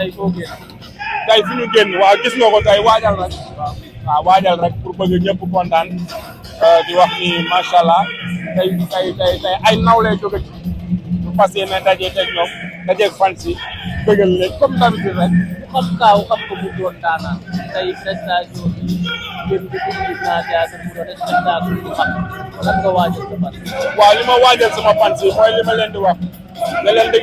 tey fi ñu génn waaw gis nga ko tey waajal rek. waaw waajal rek pour bëgg ñëpp kontaan euh, di wax ni macha allah tey tey ay naw jóge bu fas yéene dajee teg ñoom dajee fan si bëggal leen comme d'habitude rek xam kaaw xam ko bu doon daanaan tey prestation bi di ko gis naa jaag waajal sa fan waaw li ma waajal sama fan leen di wax ne leen da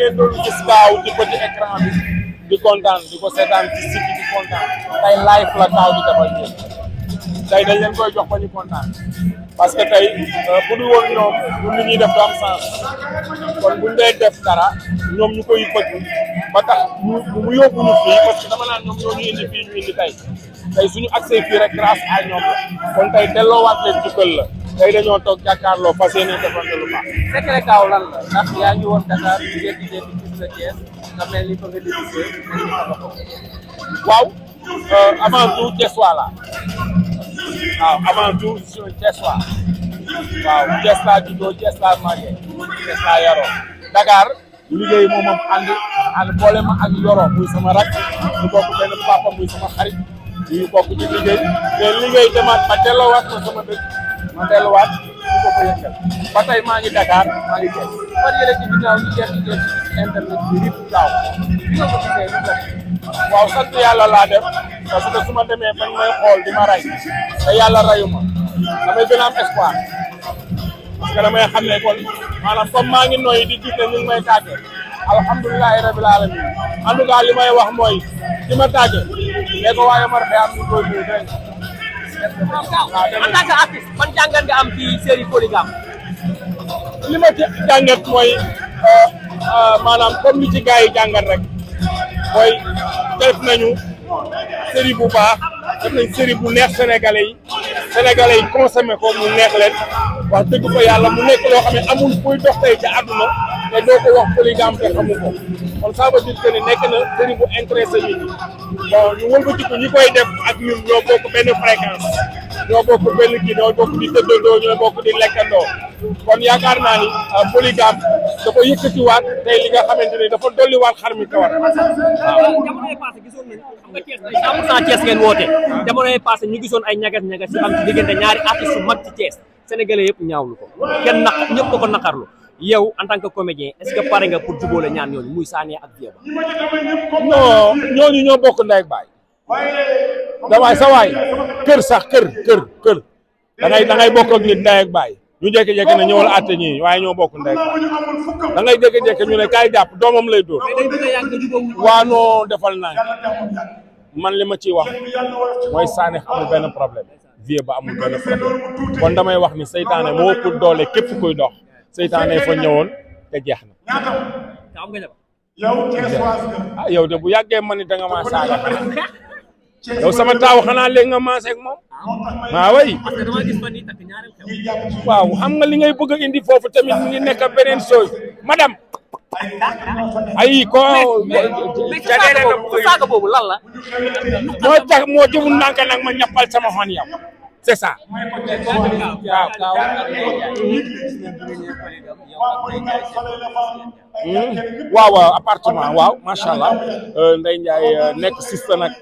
gis kaaw ci petit écran bi di kontaan di ko seetaan ci site di kontaan tey live la taaw di defal ñun tey dañ leen koy jox ba ñu kontaan parce que tey euh, bu dul woon ñoom ñun li ñuy def du am sens kon def dara ñoom ñu ko bëgg ba tax ñu mu yóbbu ñu fii parce que dama naan ñoom ñoo ñu indi fii ñu indi tey tey suñu accès fii rek grâce à ñoom kon tey delloowaat leen jukkal la. tey dañoo toog jàkkaarloo fas yéene defante lu baax. secret kaaw lan la ndax yaa ngi woon Dakar jékki-jékki gis la Thiès nga mel ni fa nga dirigé mel ni fa nga ko. waaw euh, waaw avant tout je suis Thiessois waaw Thiès laa juddoo Thiès laa màggee Thiès laa yaroo Dakar liggéey moom moom ànd ànd boole ma ak yoro muy sama rak ñu bokk benn papa muy sama xarit ñu bokk ci liggéey te liggéey demaat ma delloowaat ko sama dëkk. ma delluwaat di ba tey maa ngi Dakar maa ngi Thiès fan yële ci ginnaaw jeex internet bi rip daaw ñoo ko gisee yàlla laa def parce que su ma demee bañ may xool di ma rey te yàlla reyu ma damay gën a am espoir parce xam ne kon maanaam comme maa ngi noyyi di gis ne ñu may tàgge alhamdulilahi rabil alamin en li may wax mooy di ma tàgge léegi waaye ma rafet am ñu koy dégg en tant que artiste man jàngat nga am ci série polygame. li ma ci jàngat mooy euh, euh, maanaam comme ni ci gars yi jàngat rek mooy def nañu série bu baax def nañ série bu neex sénégalais yi sénégalais yi consommé ko mu neex leen wax dëgg ko yàlla mu nekk loo amul kuy dox tey ca àdduna. te doo ko wax polygame te xamu ko kon ça veut dire que ne na bëri bu intéressé nit ñi bon ñu wëlbatiku ñi koy def ak ñun ñoo bokk benn fréquence ñoo bokk benn kii ñoo bokk di tëddandoo ñoo bokk di lekkandoo kon yaakaar naa ni euh, polygame dafa yëkkatiwaat tey li nga xamante ni dafa xar mi kawar. waaw jamono gisoon nañu xam nga Thiès ay 100% Thiès ngeen woote jamono ñu gisoon ay ñagas-ñagas yu am ci diggante ñaari artistes yu mag ci Thiès sénégalais yëpp ñaawlu ko kenn naq ñëpp ko ko naqarlu. yow en tant que comédien est-ce que pare nga pour jubóole ñaan ñooñu muy saani ak Vieux Ba. non ñooñu ñoo bokk ndey ak baay. dawaay sa sax kër kër kër bokk ak baay ñu jékki-jékki ne ñëwal àtte ñii waaye ñoo bokk ndey ak baay da ngay jékki-jékki ñu ne kaay jàpp doomam lay dóor. waa noo defal naa man li ma ciy wax mooy Sané amul benn problème Vieux Ba amul benn problème kon damay wax ni seytaane moo ëpp doole képp kuy dox. seytaane fo ñëwoon te jeex na. nga ah, yow de bu yàggee ma ni da saaga xanaa yow sama taaw xanaa léegi ma maase ak moom. Ah, ah, waaw way xam nga li ngay bëgg a indi foofu tamit mu ngi nekk beneen sooy madame. ay ko jadeere na boobu lan la. moo tax moo jëmu ma ñappal sama xon yow. c'est ça. waaw waaw appartement waaw macha allah euh, Ndeye Ndiaye euh, nekk sista nag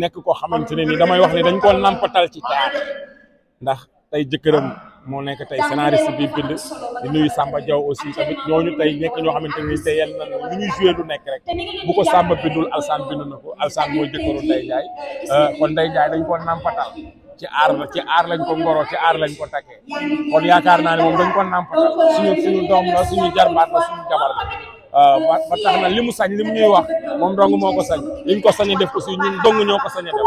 nekk koo xamante ne ni damay wax ne dañ ko nampatal ci théâtre ndax tey jëkkëram moo nekk tey scénariste bi bind di nuyu Samba Diaw aussi tamit ñooñu tey nekk ñoo xamante ni tey yal na ñuy joué lu nekk rek bu ko Samba bindul Alsaan bind na ko Alsaan moo jëkkëru Ndeye Ndiaye euh, kon Ndeye Ndiaye dañ koo nampatal. ci aar ci aar lañ ko ngoro ci aar lañ ko takkee kon yaakaar naa ne moom dañ ko nàmpatal suñu suñu doom la suñu jarbaat la suñu jabar la euh, ba ba tax na li mu sañ li mu ñuy wax moom dong moo ko sañ liñ ko sañ a def aussi ñu dong ñoo ko sañ def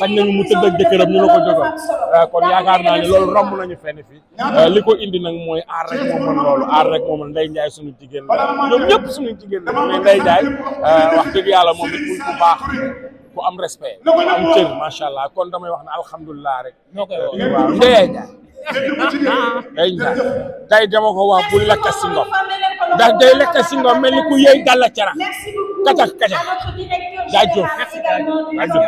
sañ nañu mu tëdd ak jëkkëram ñu la ko jógal euh, kon yaakaar naa ne loolu romb nañu fenn fii euh, li ko indi nag mooy aar rek moo mën loolu aar rek moo mën Ndeye Ndiaye suñu jigéen la ñoom ñëpp suñu jigéen la mais Ndeye Ndiaye wax dëgg yàlla bu am respect am cër macha allah kon damay wax ne alhamdulilah rek waaw ndeyee njaay day njaay day dama ko wax bu lekk si ngom ndax day lekk si ngom mel ni ku yëy gàlla carax katax katax daa jóg daa jóg